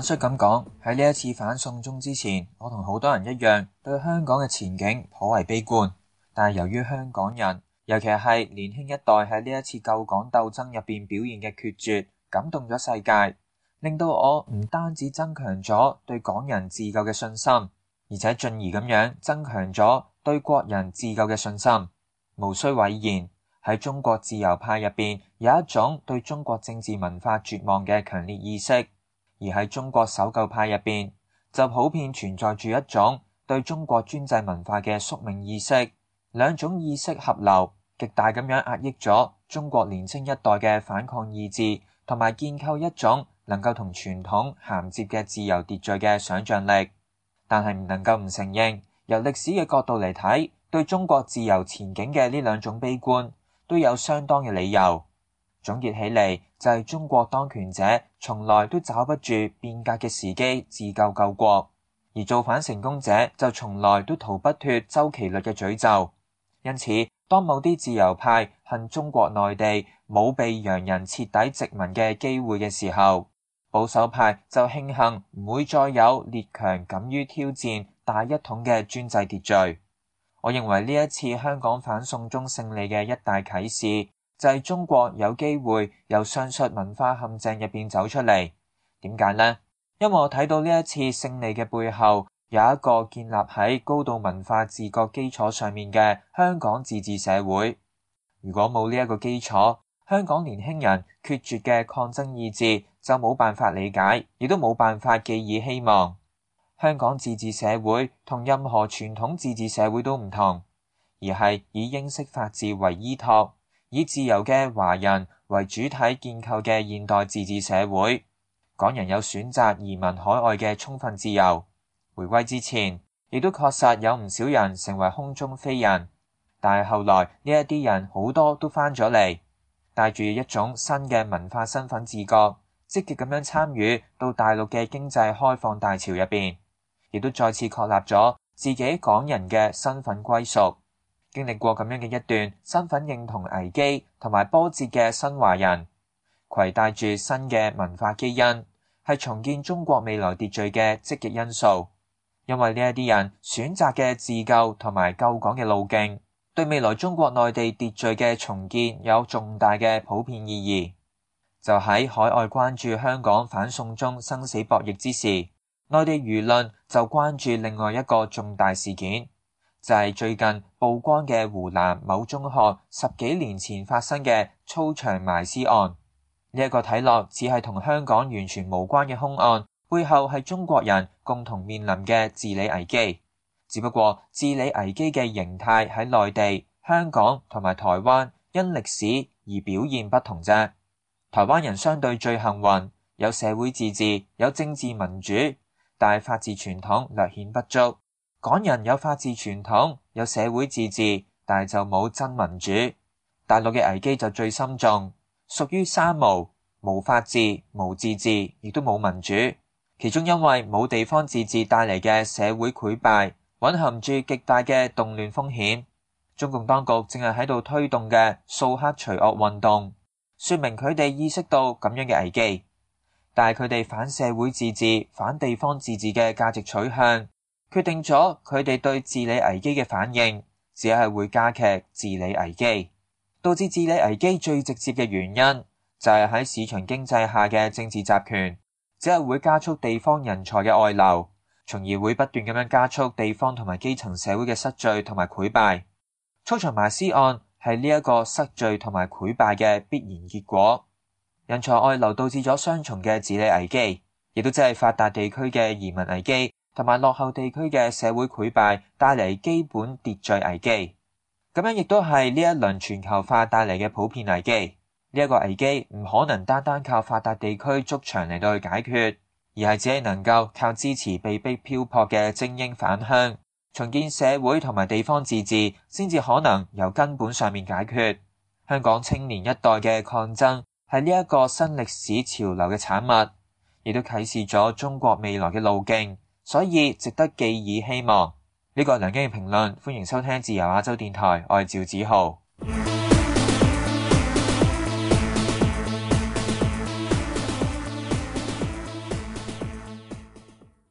坦率咁講，喺呢一次反送中之前，我同好多人一樣對香港嘅前景頗為悲觀。但係由於香港人，尤其係年輕一代喺呢一次救港鬥爭入邊表現嘅決絕，感動咗世界，令到我唔單止增強咗對港人自救嘅信心，而且進而咁樣增強咗對國人自救嘅信心。毋需諱言，喺中國自由派入邊有一種對中國政治文化絕望嘅強烈意識。而喺中國守舊派入邊，就普遍存在住一種對中國專制文化嘅宿命意識，兩種意識合流，極大咁樣壓抑咗中國年輕一代嘅反抗意志，同埋建構一種能夠同傳統銜接嘅自由秩序嘅想像力。但係唔能夠唔承認，由歷史嘅角度嚟睇，對中國自由前景嘅呢兩種悲觀，都有相當嘅理由。總結起嚟就係、是、中國當權者從來都找不住變革嘅時機自救救國，而造反成功者就從來都逃不脱周期律嘅詛咒。因此，當某啲自由派恨中國內地冇被洋人徹底殖民嘅機會嘅時候，保守派就慶幸唔會再有列強敢於挑戰大一統嘅專制秩序。我認為呢一次香港反送中勝利嘅一大啟示。就係中國有機會由上述文化陷阱入邊走出嚟，點解呢？因為我睇到呢一次勝利嘅背後有一個建立喺高度文化自覺基礎上面嘅香港自治社會。如果冇呢一個基礎，香港年輕人決絕嘅抗爭意志就冇辦法理解，亦都冇辦法寄以希望。香港自治社會同任何傳統自治社會都唔同，而係以英式法治為依託。以自由嘅華人為主體建構嘅現代自治社會，港人有選擇移民海外嘅充分自由。回歸之前，亦都確實有唔少人成為空中飛人，但係後來呢一啲人好多都翻咗嚟，帶住一種新嘅文化身份自覺，積極咁樣參與到大陸嘅經濟開放大潮入面，亦都再次確立咗自己港人嘅身份歸屬。經歷過咁樣嘅一段身份認同危機同埋波折嘅新華人，攜帶住新嘅文化基因，係重建中國未來秩序嘅積極因素。因為呢一啲人選擇嘅自救同埋救港嘅路徑，對未來中國內地秩序嘅重建有重大嘅普遍意義。就喺海外關注香港反送中生死博弈之時，內地輿論就關注另外一個重大事件。就係最近曝光嘅湖南某中學十幾年前發生嘅操場埋屍案，呢一個睇落只係同香港完全無關嘅凶案，背後係中國人共同面臨嘅治理危機。只不過治理危機嘅形態喺內地、香港同埋台灣因歷史而表現不同啫。台灣人相對最幸運，有社會自治，有政治民主，但係法治傳統略顯不足。港人有法治傳統，有社會自治，但係就冇真民主。大陸嘅危機就最深重，屬於三無：無法治、無自治，亦都冇民主。其中因為冇地方自治帶嚟嘅社會潰敗，蘊含住極大嘅動亂風險。中共當局正係喺度推動嘅掃黑除惡運動，說明佢哋意識到咁樣嘅危機，但係佢哋反社會自治、反地方自治嘅價值取向。決定咗佢哋對治理危機嘅反應，只係會加劇治理危機，導致治理危機最直接嘅原因就係、是、喺市場經濟下嘅政治集權，只係會加速地方人才嘅外流，從而會不斷咁樣加速地方同埋基層社會嘅失序同埋潰敗。操場埋屍案係呢一個失序同埋潰敗嘅必然結果，人才外流導致咗雙重嘅治理危機，亦都即係發達地區嘅移民危機。同埋落後地區嘅社會潰敗，帶嚟基本秩序危機，咁樣亦都係呢一輪全球化帶嚟嘅普遍危機。呢一個危機唔可能單單靠發達地區足場嚟到去解決，而係只係能夠靠支持被逼漂泊嘅精英返鄉重建社會同埋地方自治，先至可能由根本上面解決。香港青年一代嘅抗爭係呢一個新歷史潮流嘅產物，亦都啟示咗中國未來嘅路徑。所以值得寄以希望。呢、這個係梁京嘅評論，歡迎收聽自由亞洲電台。我係趙子豪。